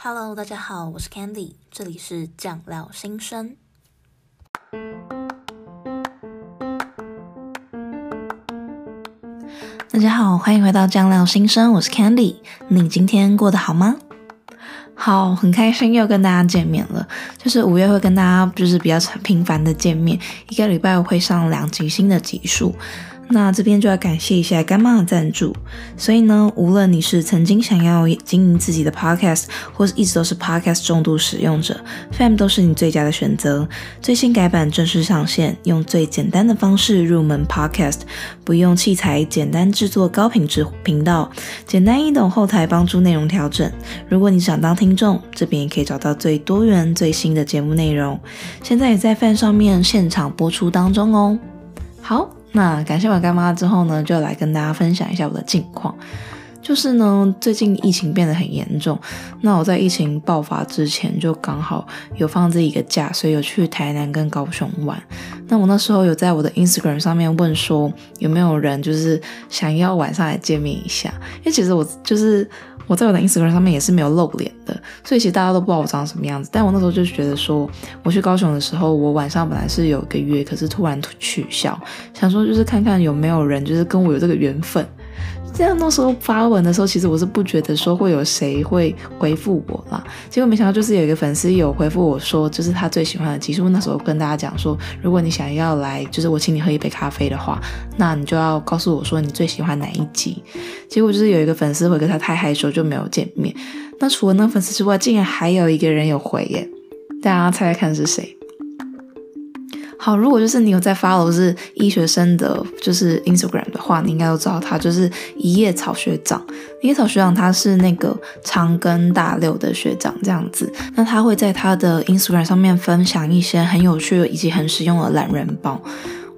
Hello，大家好，我是 Candy，這裡是醬料心聲。大家好，歡迎回到醬料心聲，我是 Candy，你今天過得好嗎？好，很開心又跟大家見面了，就是五月會跟大家就是比較頻繁的見面，一個禮拜我會上兩集新的集數。那這邊就要感謝一下乾媽的贊助，所以呢，無論你是曾經想要經營自己的 podcast，或是一直都是 podcast 重度使用者，FAM 都是你最佳的選擇。最新改版正式上線，用最簡單的方式入門 podcast，不用器材，簡單制作高品質頻道，簡單易懂後台幫助內容調整。如果你想當聽眾，這邊也可以找到最多元最新的節目內容。現在也在 FAM 上面現場播出當中哦。好。那感謝完乾媽之後呢，就來跟大家分享一下我的近況。就是呢，最近疫情變得很嚴重。那我在疫情爆發之前，就剛好有放自己一個假，所以有去台南跟高雄玩。那我那時候有在我的 Instagram 上面問說，有沒有人就是想要晚上來見面一下？因為其實我就是。我在我的 Instagram 上面也是沒有露臉的，所以其實大家都不知道我長什麼樣子。但我那時候就覺得說，我去高雄的時候，我晚上本來是有個約，可是突然取消，想說就是看看有沒有人，就是跟我有這個緣分。這樣那時候發文的時候，其實我是不覺得說會有誰會回復我啦，結果沒想到就是有一個粉絲有回復我說，就是他最喜歡的集數。那時候跟大家講說，如果你想要來，就是我請你喝一杯咖啡的話，那你就要告訴我說你最喜歡哪一集。結果就是有一個粉絲回，跟他太害羞就沒有見面。那除了那粉絲之外，竟然還有一個人有回耶，大家猜猜看是誰？好，如果就是你有在 follow 是醫學生的，就是 Instagram 的話，你應該都知道他就是一葉草學長。一葉草學長他是那個長庚大六的學長，這樣子，那他會在他的 Instagram 上面分享一些很有趣以及很實用的懶人包。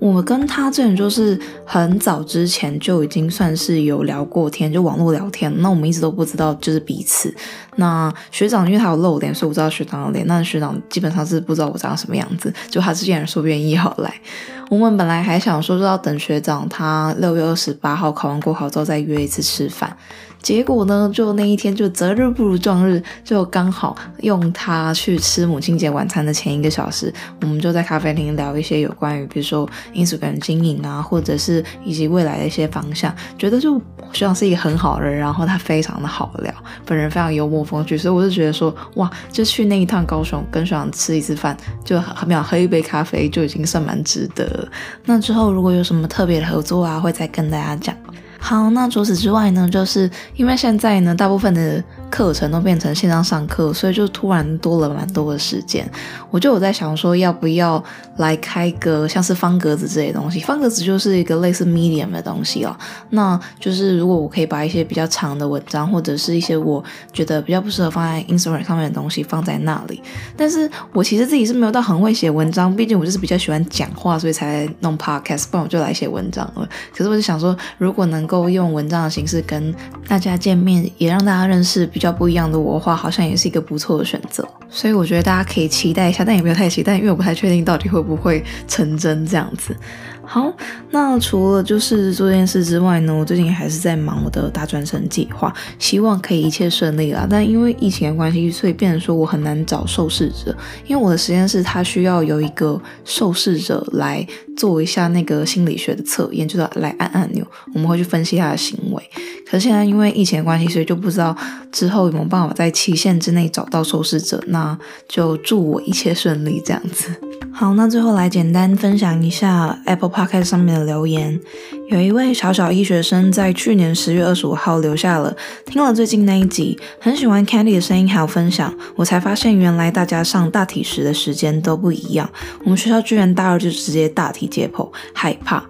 我跟他這人就是很早之前就已經算是有聊過天，就網絡聊天。那我們一直都不知道就是彼此。那學長因為他有露臉，所以我知道學長的臉，那學長基本上是不知道我長什麼樣子。就他之前說不願意要來，我們本來還想說是要等學長他六月二十八號考完國考之後再約一次吃飯。結果呢，就那一天就擇日不如撞日，就剛好用他去吃母親節晚餐的前一個小時，我們就在咖啡廳聊一些有關於，比如說。Instagram 經營啊，或者是以及未來的一些方向，覺得就學長是一個很好的人，然後他非常的好聊，本人非常幽默風趣，所以我就覺得說，哇，就去那一趟高雄跟學長吃一次飯，就很秒喝一杯咖啡就已經算蠻值得。那之後如果有什麼特別的合作啊，會再跟大家講。好，那除此之外呢，就是因為現在呢，大部分的。課程都變成線上上課，所以就突然多了蠻多的時間。我就有在想說，要不要來開個像是方格子這些東西？方格子就是一個類似 Medium 的東西哦。那就是如果我可以把一些比較長的文章，或者是一些我覺得比較不適合放在 Instagram 上面的東西放在那裡。但是我其實自己是沒有到很會寫文章，畢竟我就是比較喜歡講話，所以才弄 Podcast。不然我就來寫文章。可是我就想說，如果能夠用文章的形式跟大家見面，也讓大家認識。比較不一樣的我畫，好像也是一個不錯的選擇，所以我覺得大家可以期待一下，但也不要太期待，因為我不太確定到底會不會成真這樣子。好，那除了就是做這件事之外呢，我最近還是在忙我的大專生計劃，希望可以一切順利啊。但因為疫情的關係，所以變得說我很難找受試者，因為我的實驗室它需要有一個受試者來做一下那個心理學的測驗，就是來按按鈕，我們會去分析他的行為。可是現在因為疫情的關係，所以就不知道之後有沒有辦法在期限之內找到受試者。那就祝我一切順利這樣子。好，那最後來簡單分享一下 Apple Pie 打開上面的留言，有一位小小醫學生在去年十月二十五號留下了，聽了最近那一集，很喜歡 Candy 的聲音還有分享。我才發現，原來大家上大體時的時間都不一樣。我們學校居然大二就直接大體解剖，害怕。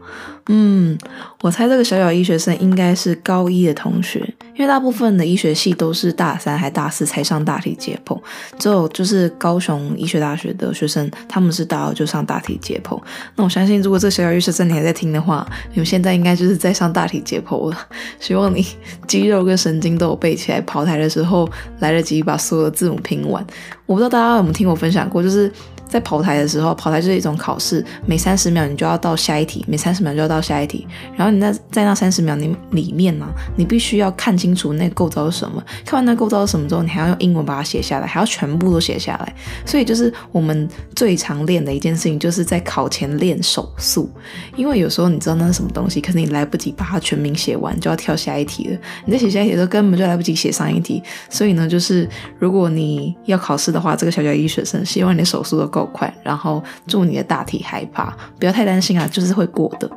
嗯，我猜這個小小醫學生應該是高一的同學，因為大部分的醫學系都是大三還大四才上大體解剖。只有就是高雄醫學大學的學生，他們是大二就上大體解剖。那我相信，如果這個小小醫學生你還在聽的話，你們現在應該就是在上大體解剖了。希望你肌肉跟神經都有背起來，跑台的時候來得及把所有的字母拼完。我不知道大家有沒有聽我分享過，就是。在跑台的時候，跑台就是一種考試，每三十秒你就要到下一題，每三十秒就要到下一題。然後你在在那三十秒你裡面呢，啊，你必須要看清楚那個構造是什麼。看完那構造是什麼之後，你還要用英文把它寫下來，還要全部都寫下來。所以就是我們最常練的一件事情，就是在考前練手速。因為有時候你知道那是什麼東西，可是你來不及把它全名寫完，就要跳下一題了。你在寫下一題的時候，根本就來不及寫上一題。所以呢，就是如果你要考試的話，這個小小醫學生希望你的手速都夠。然後祝你的大體害怕，不要太擔心啊，就是會過的。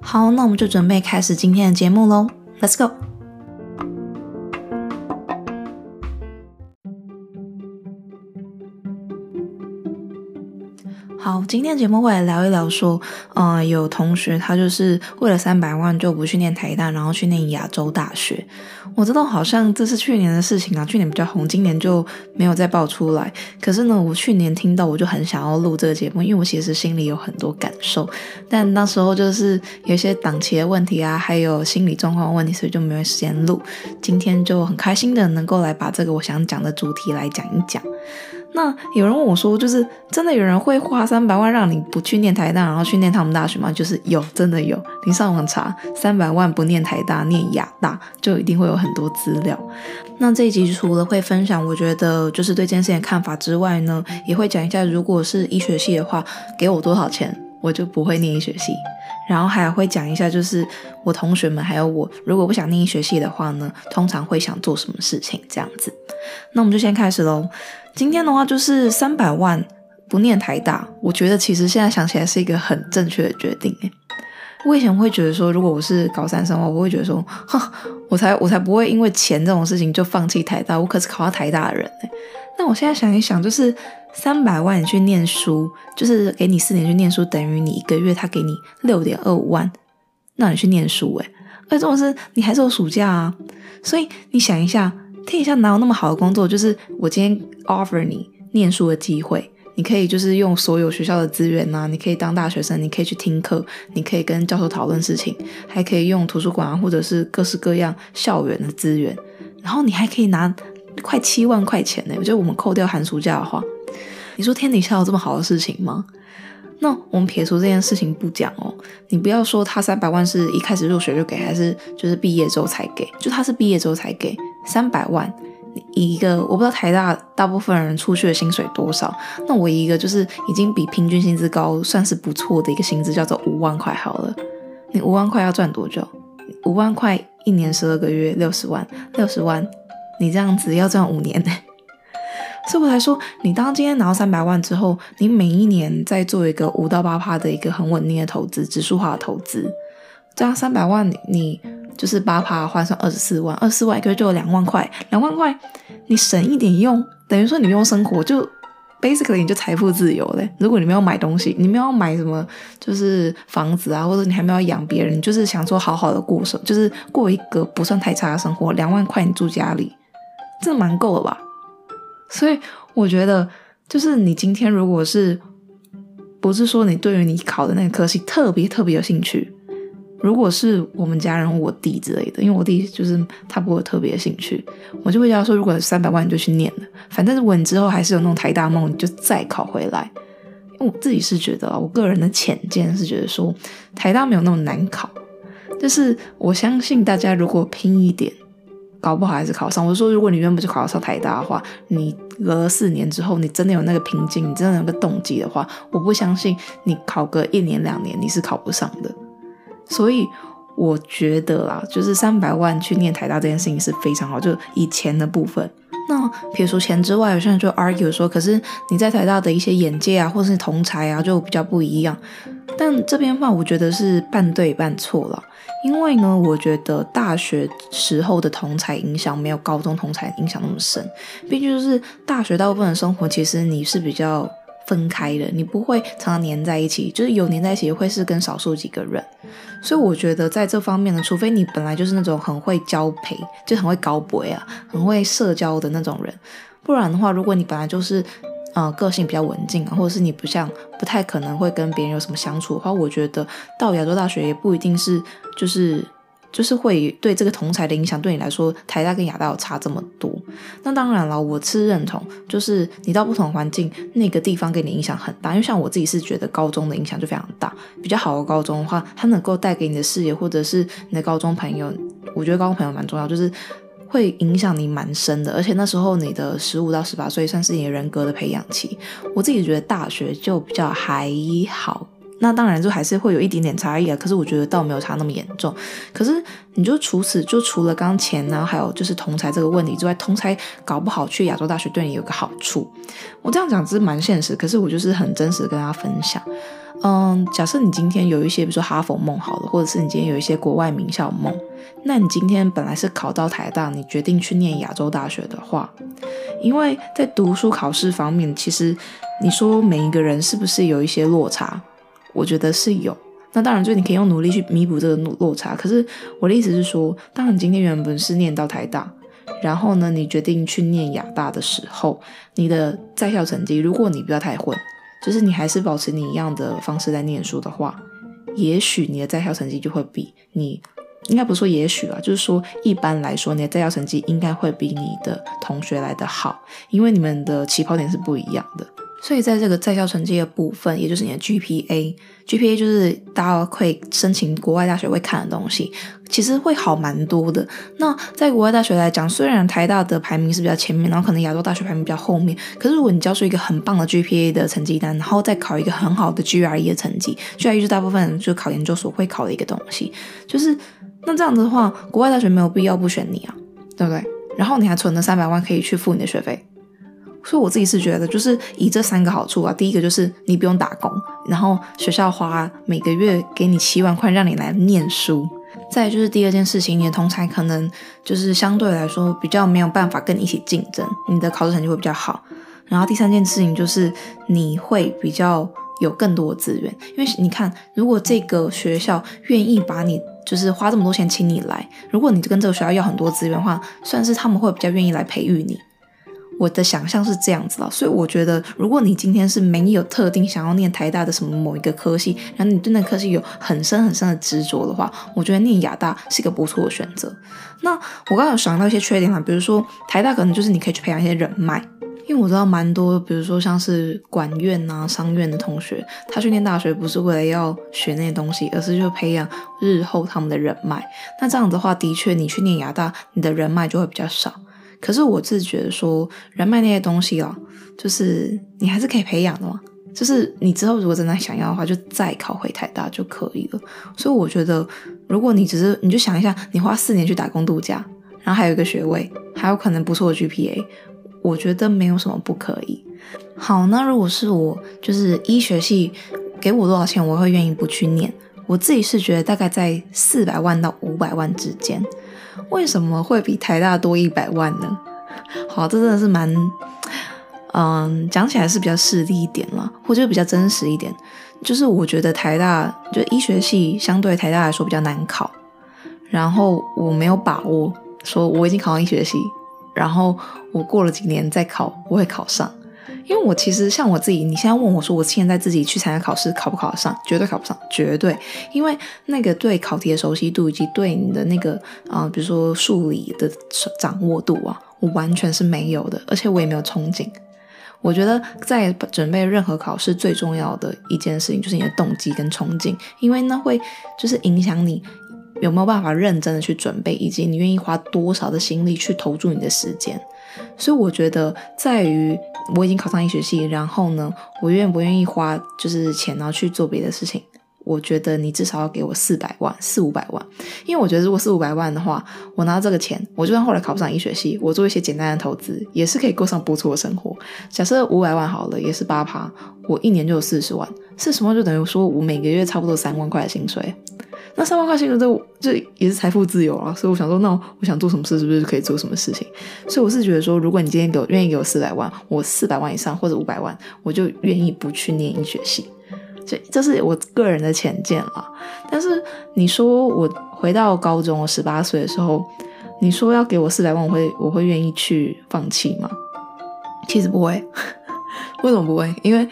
好，那我們就準備開始今天的節目嘍，Let's go。好，今天的節目會來聊一聊，說，呃、嗯，有同學他就是為了三百萬就不去念台大，然後去念亞洲大學。我知道好像這是去年的事情啊，去年比較紅，今年就沒有再爆出來。可是呢，我去年聽到我就很想要錄這個節目，因為我其實心裡有很多感受，但那時候就是有一些檔期的問題啊，還有心理狀況問題，所以就沒有時間錄。今天就很開心的能夠來把這個我想講的主題來講一講。那有人問我說，就是真的有人會花三百萬讓你不去念台大，然後去念他們大學嗎？就是有，真的有。你上網查，三百萬不念台大，念亞大，就一定會有很多資料。那這一集除了會分享，我覺得就是對這件事情的看法之外呢，也會講一下，如果是醫學系的話，給我多少錢，我就不會念醫學系。然後還會講一下，就是我同學們還有我，如果不想念醫學系的話呢，通常會想做什麼事情這樣子。那我們就先開始嘍。今天的話就是三百萬不念台大，我覺得其實現在想起來是一個很正確的決定誒，我以前會覺得說，如果我是高三生的話，我會覺得說，哈，我才我才不會因為錢這種事情就放棄台大，我可是考到台大的人哎。那我現在想一想，就是。三百萬你去念書，就是給你四年去念書，等於你一個月他給你六點二五萬，那你去念書哎、欸，而且重要是你還是有暑假啊，所以你想一下，天底下哪有那麼好的工作？就是我今天 offer 你念書的機會，你可以就是用所有學校的資源吶、啊，你可以當大學生，你可以去聽課，你可以跟教授討論事情，還可以用圖書館啊，或者是各式各樣校園的資源，然後你還可以拿。快七萬塊錢呢、欸！我覺得我們扣掉寒暑假的話，你說天底下有這麼好的事情嗎？那我們撇除這件事情不講哦。你不要說他三百萬是一開始入學就給，還是就是畢業之後才給？就他是畢業之後才給三百萬。以一個我不知道台大大部分人出去的薪水多少，那我一個就是已經比平均薪資高，算是不錯的一個薪資，叫做五萬塊好了。你五萬塊要賺多久？五萬塊一年十二個月六十萬，六十萬。你這樣子要賺五年、欸，所以我才說，你當今天拿到三百萬之後，你每一年再做一個五到八趴的一個很穩定的投資，指數化的投資，這樣三百萬你就是八趴換算二十四萬，二十四萬一個月就有兩萬塊，兩萬塊你省一點用，等於說你沒有生活，就 basically 你就財富自由嘞、欸。如果你沒有買東西，你沒有買什麼，就是房子啊，或者你還沒有養別人，你就是想說好好的過生，就是過一個不算太差的生活，兩萬塊你住家裡。這蠻夠了吧？所以我覺得，就是你今天如果是，不是說你對於你考的那個科系特別特別有興趣，如果是我們家人、我弟之類的，因為我弟就是他不會特別有興趣，我就會覺得說，如果有三百萬你就去念了，反正穩之後還是有那種台大夢，你就再考回來。因為我自己是覺得，我個人的淺見是覺得說，台大沒有那麼難考，就是我相信大家如果拼一點。搞不好還是考上。我就說，如果你原本就考上台大的話，你隔了四年之後，你真的有那個瓶頸，你真的有個動機的話，我不相信你考個一年兩年你是考不上的。所以我覺得啦，就是三百萬去念台大這件事情是非常好，就以錢的部分。那撇除錢之外，有些人就 argue 說，可是你在台大的一些眼界啊，或是同儕啊，就比較不一樣。但這邊的話，我覺得是半對半錯了。因為呢，我覺得大學時候的同儕影響沒有高中同儕影響那麼深，畢竟，就是大學大部分的生活其實你是比較分開的，你不會常常黏在一起，就是有黏在一起也會是跟少數幾個人。所以我覺得在這方面呢，除非你本來就是那種很會交陪，就很會高博呀，啊、很會社交的那種人，不然的話，如果你本來就是，嗯、呃，個性比較文靜啊，或者是你不像，不太可能會跟別人有什麼相處的話，我覺得到亞洲大學也不一定是，就是，就是會對這個同才的影響，對你來說，台大跟亞大有差這麼多。那當然了，我是認同，就是你到不同環境，那個地方給你影響很大。因為像我自己是覺得高中的影響就非常大，比較好的高中的話，它能夠帶給你的視野，或者是你的高中朋友，我覺得高中朋友蠻重要，就是。會影響你蠻深的，而且那時候你的十五到十八歲算是你人格的培養期。我自己覺得大學就比較還好。那當然就還是會有一點點差異啊，可是我覺得倒沒有差那麼嚴重。可是你就除此就除了剛剛錢呢，還有就是通才這個問題之外，通才搞不好去亞洲大學對你有個好處。我這樣講只是蠻現實，可是我就是很真實的跟大家分享。嗯，假設你今天有一些，比如說哈佛夢好了，或者是你今天有一些國外名校夢，那你今天本來是考到台大，你決定去念亞洲大學的話，因為在讀書考試方面，其實你說每一個人是不是有一些落差？我覺得是有，那當然就你可以用努力去彌補這個落落差。可是我的意思是說，當你今天原本是念到台大，然後呢，你決定去念亞大的時候，你的在校成績，如果你不要太混，就是你還是保持你一樣的方式在念書的話，也許你的在校成績就會比你應該不是說也許吧、啊，就是說一般來說，你的在校成績應該會比你的同學來得好，因為你們的起跑點是不一樣的。所以在這個在校成績的部分，也就是你的 GPA，GPA 就是大家會申請國外大學會看的東西，其實會好蠻多的。那在國外大學來講，雖然台大的排名是比較前面，然後可能亞洲大學排名比較後面，可是如果你交出一個很棒的 GPA 的成績單，然後再考一個很好的 GRE 的成績，GRE 是大部分就是考研究所會考的一個東西。就是那這樣的話，國外大學沒有必要不選你啊，對不對？然後你還存了三百萬，可以去付你的學費。所以我自己是覺得，就是以這三個好處啊，第一個就是你不用打工，然後學校花每個月給你七萬塊讓你來念書；再就是第二件事情，你的同儕可能就是相對來說比較沒有辦法跟你一起競爭，你的考試成績會比較好；然後第三件事情就是你會比較有更多的資源，因為你看，如果這個學校願意把你就是花這麼多錢請你來，如果你跟這個學校要很多資源的話，算是他們會比較願意來培育你。我的想象是這樣子的，所以我覺得，如果你今天是沒有特定想要念台大的什麼某一個科系，然後你對那個科系有很深很深的執着的話，我覺得念亞大是一個不錯的選擇。那我剛好想到一些缺點哈，比如說台大可能就是你可以去培養一些人脈，因為我知道蠻多，比如說像是管院吶、啊、商院的同學，他去念大學不是為了要學那些東西，而是就培養日後他們的人脈。那這樣的話，的確你去念亞大，你的人脈就會比較少。可是我自己覺得說，人脈那些東西啊，就是你還是可以培養的嘛。就是你之後如果真的想要的話，就再考回台大就可以了。所以我覺得，如果你只是你就想一下，你花四年去打工度假，然後還有一個學位，還有可能不錯的 GPA，我覺得沒有什麼不可以。好，那如果是我，就是醫學系，給我多少錢，我會願意不去念。我自己是覺得大概在四百萬到五百萬之間。為什麼會比台大多一百萬呢？好，這真的是蠻，嗯，講起來是比較勢利一點了，或者比較真實一點。就是我覺得台大，就醫學系相對台大來說比較難考，然後我沒有把握說我已經考上醫學系，然後我過了幾年再考，我會考上。因為我其實像我自己，你現在問我說，我現在自己去參加考試，考不考得上？絕對考不上，絕對。因為那個對考題的熟悉度，以及對你的那個啊、呃，比如說數理的掌握度啊，我完全是沒有的，而且我也沒有憧憬。我覺得在準備任何考試最重要的一件事情，就是你的動機跟憧憬，因為那會就是影響你有沒有辦法認真的去準備，以及你願意花多少的心力去投注你的時間。所以我覺得，在於我已經考上醫學系，然後呢，我願不願意花就是錢，然後去做別的事情？我覺得你至少要給我四百萬、四五百萬，因為我覺得如果四五百萬的話，我拿到這個錢，我就算後來考不上醫學系，我做一些簡單的投資，也是可以過上不錯的生活。假設五百萬好了，也是八趴，我一年就有四十萬，四十萬就等於說我每個月差不多三萬塊的薪水。那三萬塊錢就這也是財富自由啊，所以我想說，那我想做什麼事，是不是可以做什麼事情？所以我是覺得說，如果你今天給我，願意給我四百萬，我四百萬以上或者五百萬，我就願意不去念醫學系，所以這是我個人的淺見啊。但是你說我回到高中，我十八歲的時候，你說要給我四百萬，我會我會願意去放棄嗎？其實不會， 為什麼不會？因為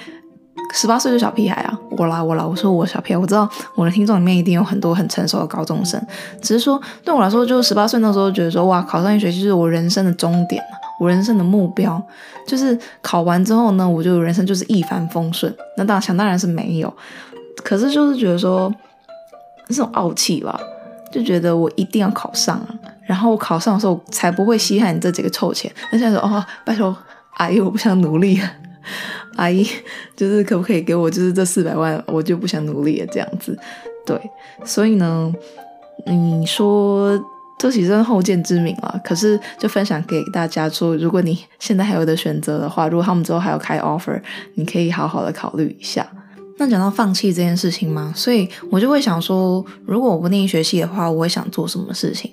十八歲是小屁孩啊。我啦，我啦，我說我小屁孩，我知道我的聽眾裡面一定有很多很成熟的高中生，只是說對我來說，就是十八歲那時候覺得說，哇，考上醫學系就是我人生的終點，我人生的目標就是考完之後呢，我就人生就是一帆風順。那當然，想當然是沒有，可是就是覺得說，這種傲氣吧，就覺得我一定要考上，然後我考上的時候才不會稀罕你這幾個臭錢。那現在說，哦，拜託，哎呦，我不想努力。阿姨，就是可不可以給我就是這四百萬，我就不想努力了這樣子。對，所以呢，你說這其實後見之明了，可是就分享給大家說，如果你現在還有的選擇的話，如果他們之後還要開 offer，你可以好好的考慮一下。那講到放棄這件事情嘛？所以我就會想說，如果我不念醫學系的話，我會想做什麼事情？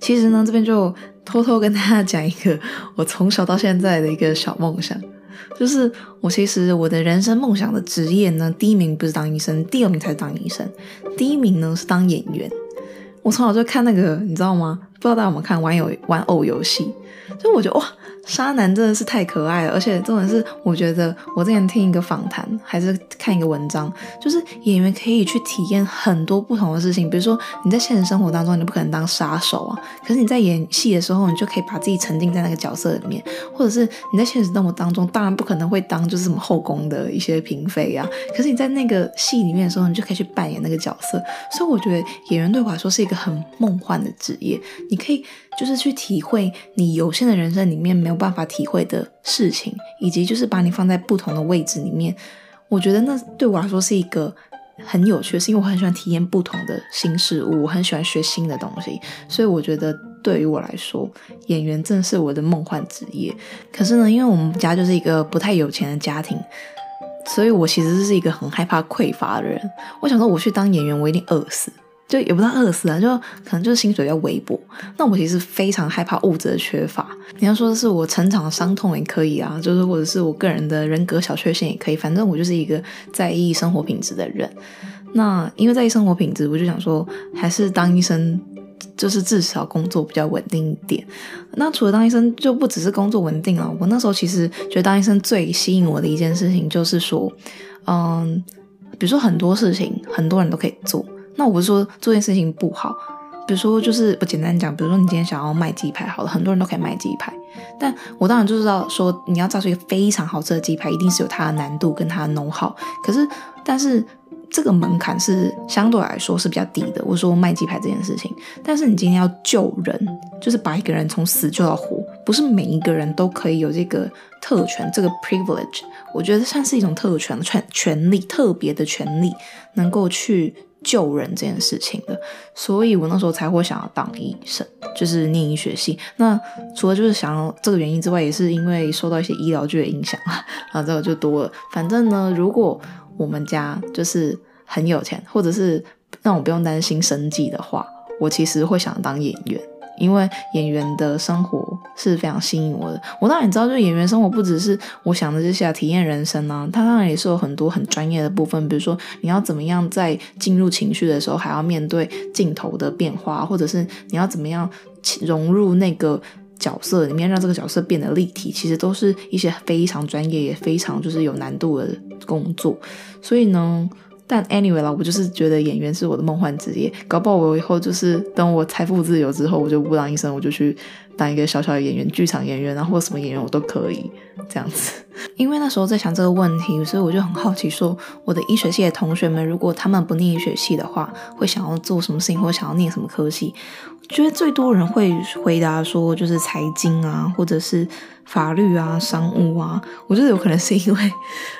其實呢，這邊就偷偷跟大家講一個我從小到現在的一個小夢想。就是我，其實我的人生夢想的職業呢，第一名不是當醫生，第二名才是當醫生。第一名呢是當演員。我從小就看那個，你知道嗎？不知道大家有沒有看玩偶玩偶遊戲，所以我就哇。渣男真的是太可愛了，而且重點是我覺得我之前聽一個訪談，還是看一個文章，就是演員可以去體驗很多不同的事情。比如說你在現實生活當中，你不可能當殺手啊，可是你在演戲的時候，你就可以把自己沉浸在那個角色裡面。或者是你在現實生活當中，當然不可能會當就是什麼後宮的一些嬪妃啊，可是你在那個戲裡面的時候，你就可以去扮演那個角色。所以我覺得演員對我來說是一個很夢幻的職業，你可以，就是去體會你有限的人生裡面沒有辦法體會的事情，以及就是把你放在不同的位置裡面，我覺得那對我來說是一個很有趣，是因為我很喜歡體驗不同的新事物，我很喜歡學新的東西，所以我覺得對於我來說，演員正是我的夢幻職業。可是呢，因為我們家就是一個不太有錢的家庭，所以我其實是一個很害怕匱乏的人。我想說，我去當演員，我一定餓死。就也不算餓死了，就可能就是薪水比較微薄。那我其實非常害怕物質的缺乏。你要說的是我成長的傷痛也可以啊，就是或者是我個人的人格小缺陷也可以。反正我就是一個在意生活品質的人。那因為在意生活品質，我就想說還是當醫生，就是至少工作比較穩定一點。那除了當醫生，就不只是工作穩定了。我那時候其實覺得當醫生最吸引我的一件事情就是說，嗯，比如說很多事情很多人都可以做。那我不是說做這件事情不好，比如說就是我簡單講，比如說你今天想要賣雞排，好了，很多人都可以賣雞排，但我當然就知道說你要炸出一個非常好吃的雞排，一定是有它的難度跟它的 know-how，可是，但是這個門檻是相對來說是比較低的。我說賣雞排這件事情，但是你今天要救人，就是把一個人從死救到活，不是每一個人都可以有這個特權，這個 privilege，我覺得算是一種特權權權利，特別的權利，能夠去。救人這件事情的，所以我那時候才會想要當醫生，就是念醫學系。那除了就是想要這個原因之外，也是因為受到一些醫療劇的影響啊，然後之後就多了。反正呢，如果我們家就是很有錢，或者是讓我不用擔心生計的話，我其實會想當演員，因為演員的生活。是非常吸引我的。我當然知道，就是演員生活不只是我想的這些、啊、體驗人生呢、啊，它當然也是有很多很專業的部分。比如說，你要怎麼樣在進入情緒的時候，還要面對鏡頭的變化，或者是你要怎麼樣融入那個角色裡面，讓這個角色變得立體，其實都是一些非常專業也非常就是有難度的工作。所以呢。但 anyway 啦，我就是覺得演員是我的夢幻職業，搞不好我以後就是等我財富自由之後，我就無浪一聲，我就去當一個小小的演員，劇場演員，然後或什麼演員我都可以，這樣子。因為那時候在想這個問題，所以我就很好奇說，說我的醫學系的同學們，如果他們不念醫學系的話，會想要做什麼事情，或想要念什麼科系？我覺得最多人會回答說，就是財經啊，或者是法律啊、商務啊。我覺得有可能是因為，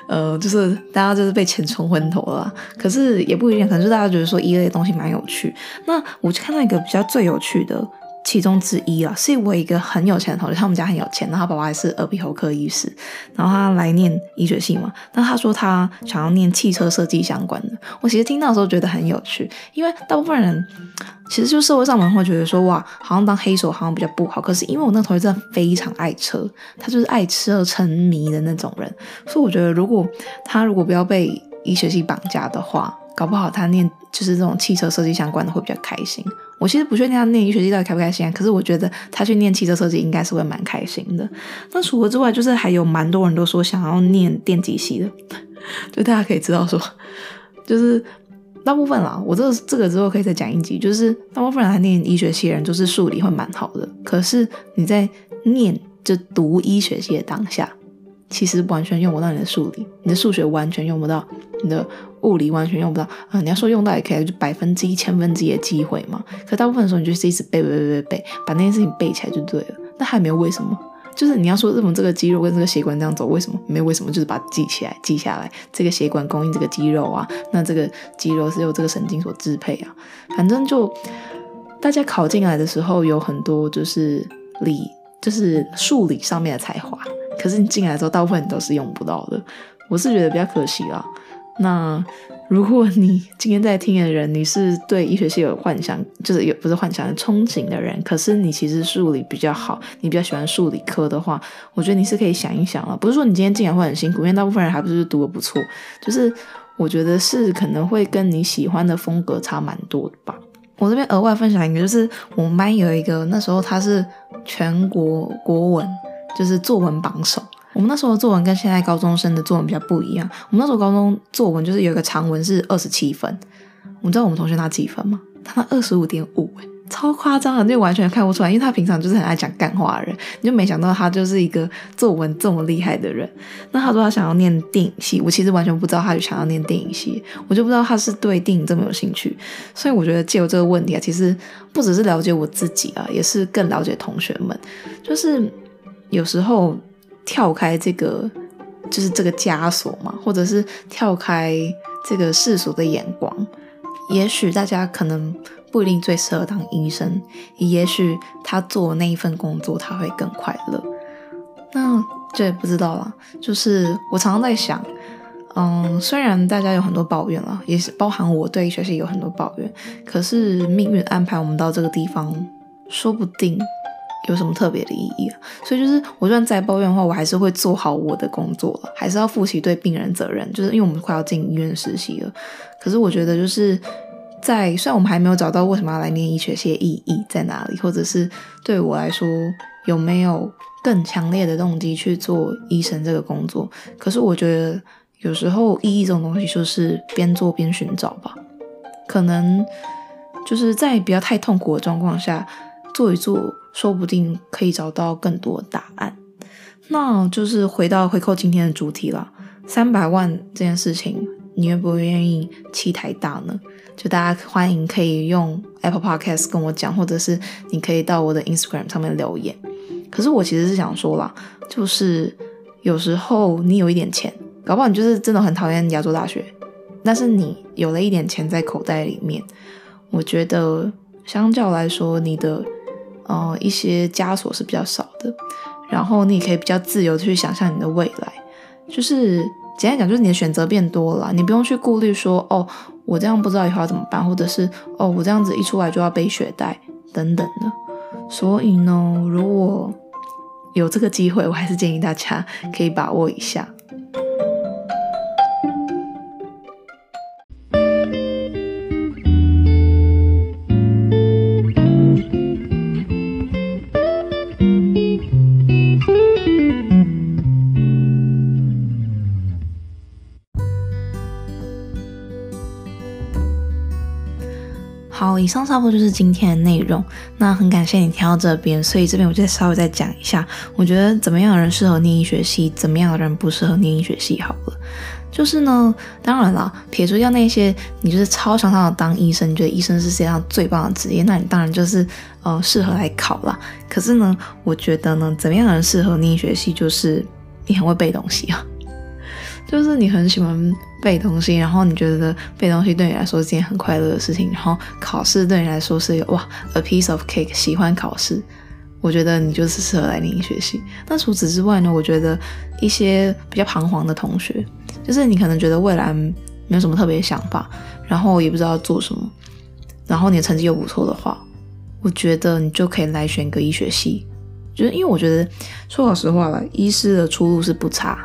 呃，就是大家就是被錢沖昏頭了，可是也不一定，可能就大家覺得說醫類的東西蠻有趣。那我就看到一個比較最有趣的。其中之一啊，是我一個很有錢的同學，他們家很有錢，然後他爸爸還是耳鼻喉科醫師，然後他來念醫學系嘛。那他說他想要念汽車設計相關的，我其實聽到的時候覺得很有趣，因為大部分人其實就社會上面會覺得說，哇，好像當黑手好像比較不好。可是因為我那個同學真的非常愛車，他就是愛車而沉迷的那種人，所以我覺得如果他如果不要被醫學系綁架的話，搞不好他念就是這種汽車設計相關的會比較開心。我其實不確定他念醫學系到底開不開心啊，可是我覺得他去念汽車設計應該是會蠻開心的。那除了之外，就是還有蠻多人都說想要念電機系的，就大家可以知道說，就是大部分啦。我這個這個之後可以再講一集，就是大部分人還念醫學系的人，就是數理會蠻好的。可是你在念就讀醫學系的當下。其實完全用不到你的數理，你的數學完全用不到，你的物理完全用不到。啊，你要說用到也可以，就百分之一千分之一的機會嘛。可大部分的時候，你就是一直背背背背背，把那件事情背起來就對了。那還沒有為什麼？就是你要說如果這個肌肉跟這個血管這樣走，為什麼？沒有為什麼，就是把它記起來記下來。這個血管供應這個肌肉啊，那這個肌肉是由這個神經所支配啊。反正就大家考進來的時候，有很多就是理，就是數理上面的才華。可是你進來之後，大部分你都是用不到的，我是覺得比較可惜啊。那如果你今天在聽的人，你是對醫學系有幻想，就是有不是幻想，憧憬的人，可是你其實數理比較好，你比較喜歡數理科的話，我覺得你是可以想一想了。不是說你今天進來會很辛苦，因為大部分人還不是讀得不錯，就是我覺得是可能會跟你喜歡的風格差蠻多的吧。我這邊額外分享一個，就是我們班有一個那時候他是全國國文就是作文榜首。我們那時候的作文跟現在高中生的作文比較不一樣。我們那時候高中作文就是有一個長文是二十七分。你知道我們同學拿幾分嗎？他拿二十五點五，欸，超誇張的，就完全看不出來，因為他平常就是很愛講幹話的人，你就沒想到他就是一個作文這麼厲害的人。那他說他想要念電影系，我其實完全不知道他想要念電影系，我就不知道他是對電影這麼有興趣。所以我覺得借由這個問題啊，其實不只是了解我自己啊，也是更了解同學們，就是。有時候跳開這個就是這個枷鎖嘛，或者是跳開這個世俗的眼光，也許大家可能不一定最適合當醫生，也許他做那一份工作他會更快樂，那這也不知道啦，就是我常常在想，嗯，雖然大家有很多抱怨啦，也是包含我對學習有很多抱怨，可是命運安排我們到這個地方，說不定。有什麼特別的意義啊？所以就是，我算在再抱怨的話，我還是會做好我的工作，還是要負起對病人責任。就是因為我們快要進醫院實習了，可是我覺得就是在，在雖然我們還沒有找到為什麼要來念醫學系的意義在哪裡，或者是對我來說有沒有更強烈的動機去做醫生這個工作，可是我覺得有時候意義這種東西就是邊做邊尋找吧。可能就是在不要太痛苦的狀況下做一做。說不定可以找到更多答案，那就是回到回扣今天的主題啦。三百萬這件事情，你願不願意棄台大呢？就大家歡迎可以用 Apple Podcast 跟我講，或者是你可以到我的 Instagram 上面留言。可是我其實是想說啦，就是有時候你有一點錢，搞不好你就是真的很討厭亞洲大學。但是你有了一點錢在口袋裡面，我覺得相較來說，你的。哦、呃，一些枷鎖是比較少的，然後你也可以比較自由去想象你的未來，就是簡單講，就是你的選擇變多了，你不用去顧慮說哦，我這樣不知道以後要怎麼辦，或者是哦，我這樣子一出來就要背學貸等等的，所以呢，如果有這個機會，我還是建議大家可以把握一下。以上差不多就是今天的內容。那很感謝你聽到這邊，所以這邊我就稍微再講一下。我覺得怎麼樣的人適合念醫學系，怎麼樣的人不適合念醫學系。好了，就是呢，當然啦，撇除掉那些你就是超常常的當醫生，你覺得醫生是世界上最棒的職業，那你當然就是呃適合來考啦。可是呢，我覺得呢，怎麼樣的人適合念醫學系，就是你很會背東西啊。就是你很喜歡背東西，然後你覺得背東西對你來說是件很快樂的事情，然後考試對你來說是一個哇 a piece of cake，喜歡考試，我覺得你就是適合來念醫學系。那除此之外呢，我覺得一些比較彷徨的同學，就是你可能覺得未來沒有什麼特別想法，然後也不知道做什麼，然後你的成績又不錯的話，我覺得你就可以來選個醫學系，就是因為我覺得說老實話啦，醫師的出路是不差。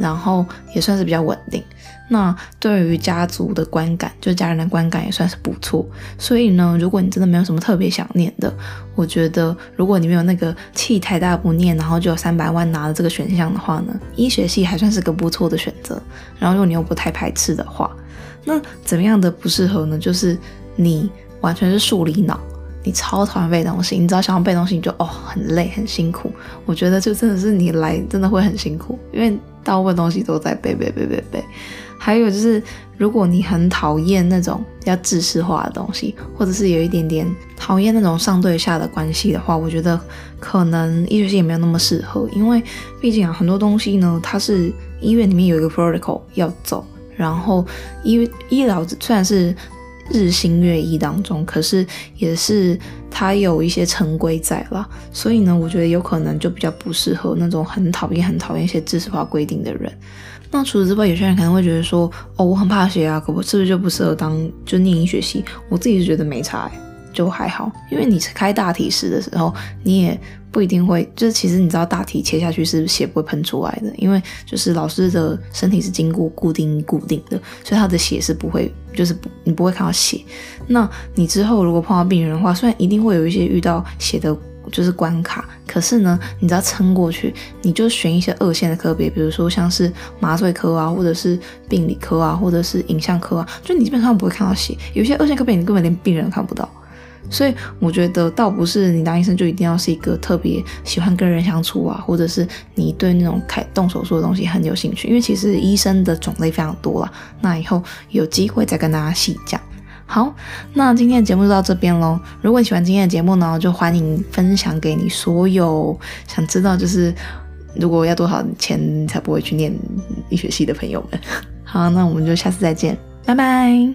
然後也算是比較穩定，那對於家族的觀感，就是家人的觀感也算是不錯。所以呢，如果你真的沒有什麼特別想念的，我覺得如果你沒有那個氣太大不念，然後就有三百萬拿了這個選項的話呢，醫學系還算是個不錯的選擇。然後如果你又不太排斥的話，那怎麼樣的不適合呢？就是你完全是數理腦，你超討厭背東西，你只要想要背東西你就哦，很累很辛苦。我覺得就真的是你來真的會很辛苦，因為。大部分東西都在背背背背背，還有就是，如果你很討厭那種比較知識化的東西，或者是有一點點討厭那種上對下的關係的話，我覺得可能醫學系也沒有那麼適合，因為畢竟啊，很多東西呢，它是醫院裡面有一個 protocol 要走，然後醫醫療雖然是。日新月異當中，可是也是它有一些成規在啦，所以呢，我覺得有可能就比較不適合那種很討厭、很討厭一些知識化規定的人。那除此之外，有些人可能會覺得說：“哦，我很怕血啊，可不是不是就不適合當就念醫學系？”我自己是覺得沒差、欸，就還好，因為你開大體室的時候，你也不一定會，就是其實你知道大體切下去是血不會噴出來的，因為就是老師的身體是經過固定固定的，所以他的血是不會。就是不，你不會看到血。那你之後如果碰到病人的話，雖然一定會有一些遇到血的，就是關卡，可是呢，你只要撐過去，你就選一些二線的科別，比如說像是麻醉科啊，或者是病理科啊，或者是影像科啊，就你基本上不會看到血。有些二線科別，你根本連病人都看不到。所以我覺得倒不是你當醫生，就一定要是一個特別喜歡跟人相處啊，或者是你對那種開動手術的東西很有興趣，因為其實醫生的種類非常多啦，那以後有機會再跟大家細講。好，那今天的節目就到這邊嘍。如果你喜歡今天的節目呢，就歡迎分享給你所有想知道就是如果要多少錢才不會去念醫學系的朋友們。好，那我們就下次再見，拜拜。